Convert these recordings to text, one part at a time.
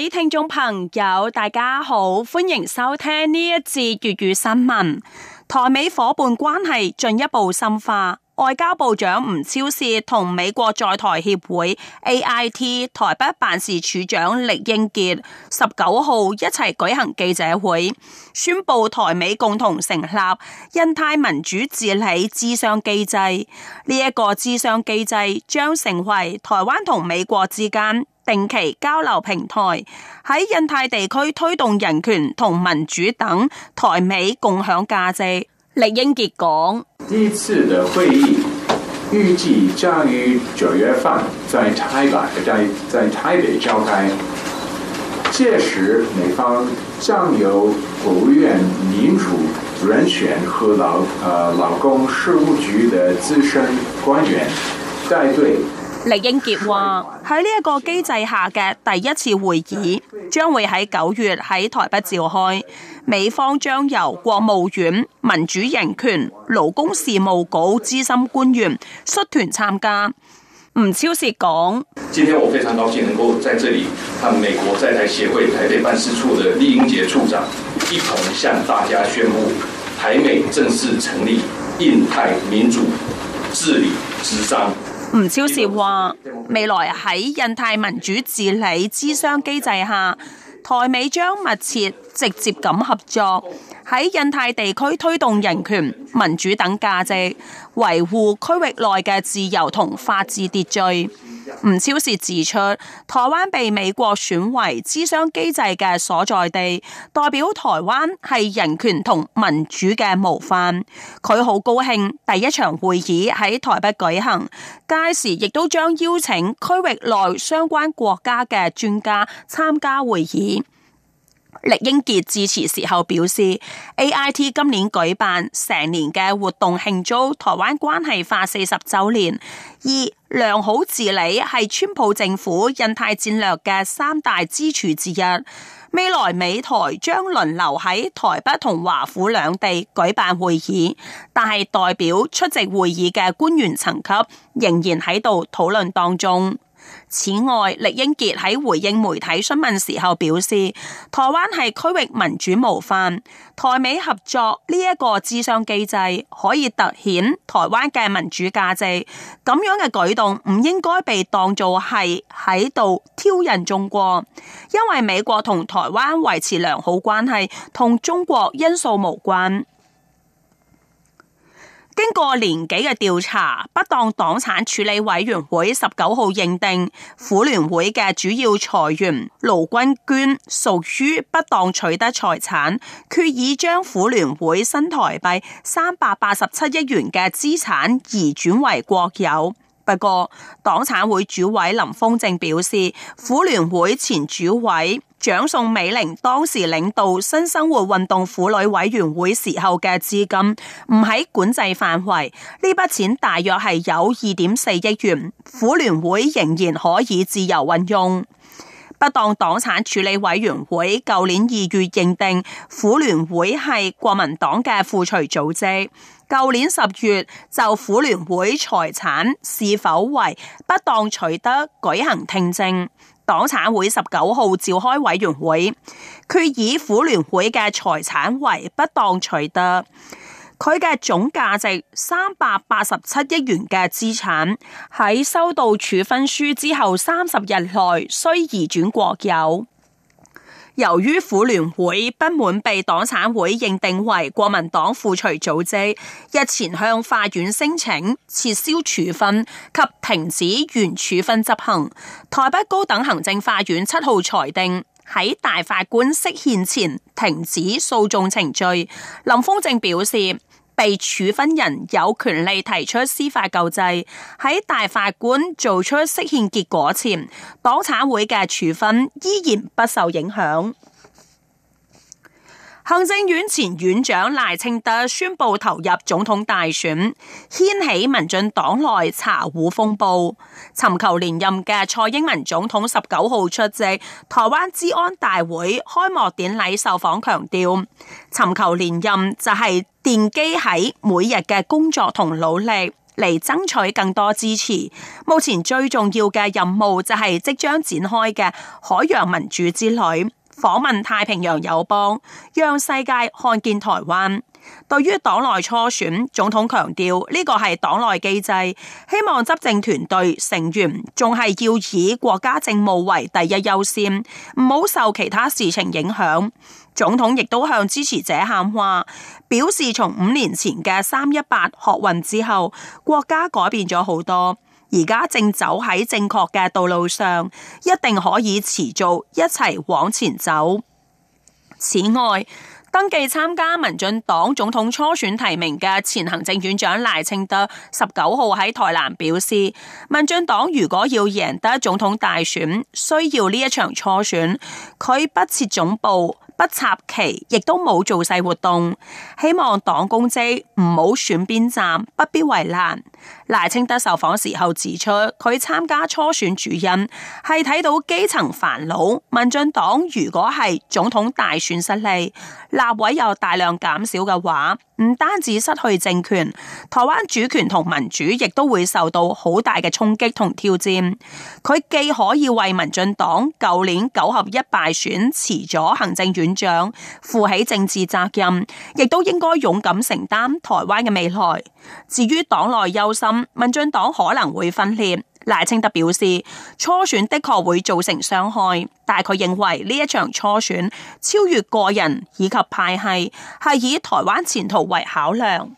各位聽眾朋友，大家好，歡迎收聽呢一節粵語新聞。台美夥伴關係進一步深化，外交部長吳釗燮同美國在台協會 AIT 台北辦事處長酈英傑十九號一齊舉行記者會，宣布台美共同成立印太民主治理諮商機制。呢、這、一個諮商機制將成為台灣同美國之間，定期交流平台，喺印太地區推動人權同民主等台美共享價值。酈英傑講：第一次的會議預計將於九月份在台北，在在台北召開。屆時美方將由國務院民主人權和老，呃，勞工事務局的資深官員帶隊。酈英傑話：喺呢一個機制下嘅第一次會議，將會喺九月喺台北召開。美方將由國務院民主人權勞工事務局資深官員率團參加。吳釗燮講，今天我非常高興能夠在這裏，同美國在台協會台北辦事處的酈英傑處長一同向大家宣布，台美正式成立印太民主治理諮商。吳超時話：未來喺印太民主治理諮商機制下，台美將密切直接咁合作，喺印太地區推動人權、民主等價值，維護區域內嘅自由同法治秩序。吳釗燮指出，台灣被美國選為諮商機制嘅所在地，代表台灣係人權同民主嘅模範。佢好高興第一場會議喺台北舉行，屆時亦都將邀請區域內相關國家嘅專家參加會議。酈英傑致辭時候表示，AIT 今年舉辦成年嘅活動慶祝台灣關係法四十周年。二良好治理係川普政府印太戰略嘅三大支柱之一。未來美台將輪流喺台北同華府兩地舉辦會議，但係代表出席會議嘅官員層級仍然喺度討論當中。此外，酈英傑喺回應媒體詢問時候表示，台灣係區域民主模範，台美合作呢一個諮商機制可以凸顯台灣嘅民主價值。咁樣嘅舉動唔應該被當做係喺度挑釁中國，因為美國同台灣維持良好關係同中國因素無關。經過年紀嘅調查，不當黨產處理委員會十九號認定，婦聯會嘅主要財源勞軍捐屬於不當取得財產，決議將婦聯會新台幣三百八十七億元嘅資產移轉為國有。不過，黨產會主委林峰正表示，婦聯會前主委。蔣宋美齡當時領導新生活運動婦女委員會時候嘅資金唔喺管制範圍，呢筆錢大約係有二點四億元，婦聯會仍然可以自由運用。不當黨產處理委員會舊年二月認定婦聯會係國民黨嘅附隨組織，舊年十月就婦聯會財產是否為不當取得舉行聽證。黨產會十九號召開委員會，決議婦聯會嘅財產為不當取得，佢嘅總價值三百八十七億元嘅資產喺收到處分書之後三十日內需移轉國有。由於婦聯會不滿被黨產會認定為國民黨附隨組織，日前向法院申請撤銷處分及停止原處分執行。台北高等行政法院七號裁定喺大法官釋憲前停止訴訟程序。林峰正表示，被處分人有權利提出司法救濟，喺大法官做出釋憲結果前，黨產會嘅處分依然不受影響。行政院前院長賴清德宣布投入總統大選，掀起民進黨內茶壺風暴。尋求連任嘅蔡英文總統十九號出席台灣資安大會開幕典禮，受訪強調：尋求連任就係奠基喺每日嘅工作同努力嚟爭取更多支持。目前最重要嘅任務就係即將展開嘅海洋民主之旅。訪問太平洋友邦，讓世界看見台灣。對於黨內初選，總統強調呢個係黨內機制，希望執政團隊成員仲係要以國家政務為第一優先，唔好受其他事情影響。總統亦都向支持者喊話，表示從五年前嘅三一八學運之後，國家改變咗好多。而家正走喺正確嘅道路上，一定可以持續一齊往前走。此外，登記參加民進黨總統初選提名嘅前行政院長賴清德，十九號喺台南表示，民進黨如果要贏得總統大選，需要呢一場初選，佢不設總部，不插旗，亦都冇做勢活動，希望黨公職唔好選邊站，不必為難。賴清德受訪時候指出，佢參加初選主因係睇到基層煩惱，民進黨如果係總統大選失利，立委又大量減少嘅話。唔單止失去政權，台灣主權同民主亦都會受到好大嘅衝擊同挑戰。佢既可以為民進黨舊年九合一敗選辭咗行政院長，負起政治責任，亦都應該勇敢承擔台灣嘅未來。至於黨內憂心，民進黨可能會分裂。賴清德表示，初選的確會造成傷害，但佢認為呢一場初選超越個人以及派系，係以台灣前途為考量。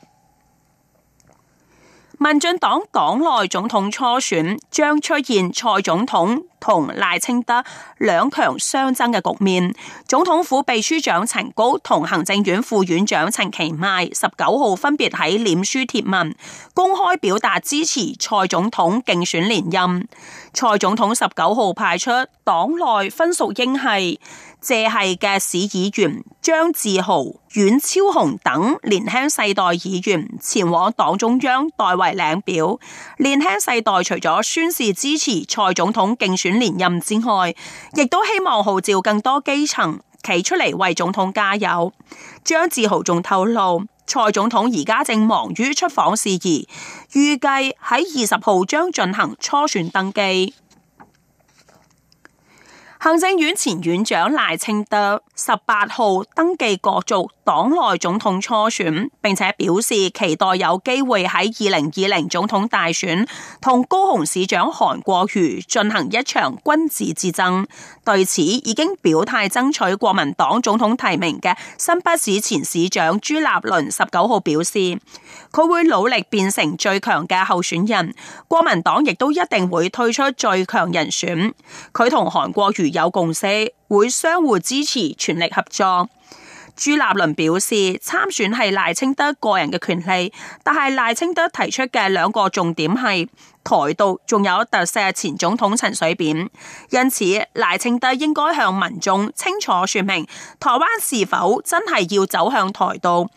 民進黨黨內總統初選將出現蔡總統。同賴清德兩強相爭嘅局面，總統府秘書長陳菊同行政院副院長陳其邁十九號分別喺臉書貼文，公開表達支持蔡總統競選連任。蔡總統十九號派出黨內分屬英系、謝系嘅市議員張志豪、阮超雄等年輕世代議員前往黨中央代為領表。年輕世代除咗宣示支持蔡總統競選連任之外，亦都希望號召更多基層企出嚟為總統加油。張志豪仲透露，蔡總統而家正忙於出訪事宜，預計喺二十號將進行初選登記。行政院前院長賴清德十八號登記角逐。黨內總統初選，並且表示期待有機會喺二零二零總統大選同高雄市長韓國瑜進行一場君子之爭。對此，已經表態爭取國民黨總統提名嘅新北市前市長朱立倫十九號表示，佢會努力變成最強嘅候選人，國民黨亦都一定會推出最強人選。佢同韓國瑜有共識，會相互支持，全力合作。朱立倫表示，參選係賴清德個人嘅權利，但係賴清德提出嘅兩個重點係台獨，仲有特赦前總統陳水扁，因此賴清德應該向民眾清楚說明台灣是否真係要走向台獨。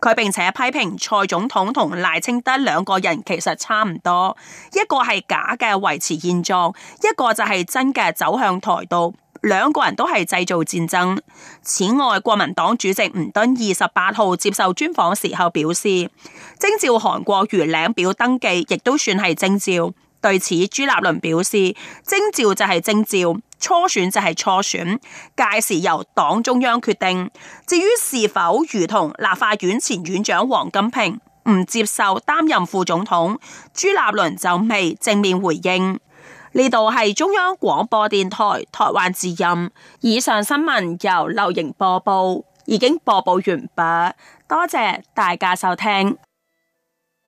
佢並且批評蔡總統同賴清德兩個人其實差唔多，一個係假嘅維持現狀，一個就係真嘅走向台獨。兩個人都係製造戰爭。此外，國民黨主席吳敦二十八號接受專訪時候表示，徵召韓國瑜領表登記亦都算係徵召。對此，朱立倫表示，徵召就係徵召，初選就係初選，屆時由黨中央決定。至於是否如同立法院前院長王金平唔接受擔任副總統，朱立倫就未正面回應。呢度係中央廣播電台台灣之音，以上新聞由劉瑩播報，已經播報完畢，多謝大家收聽。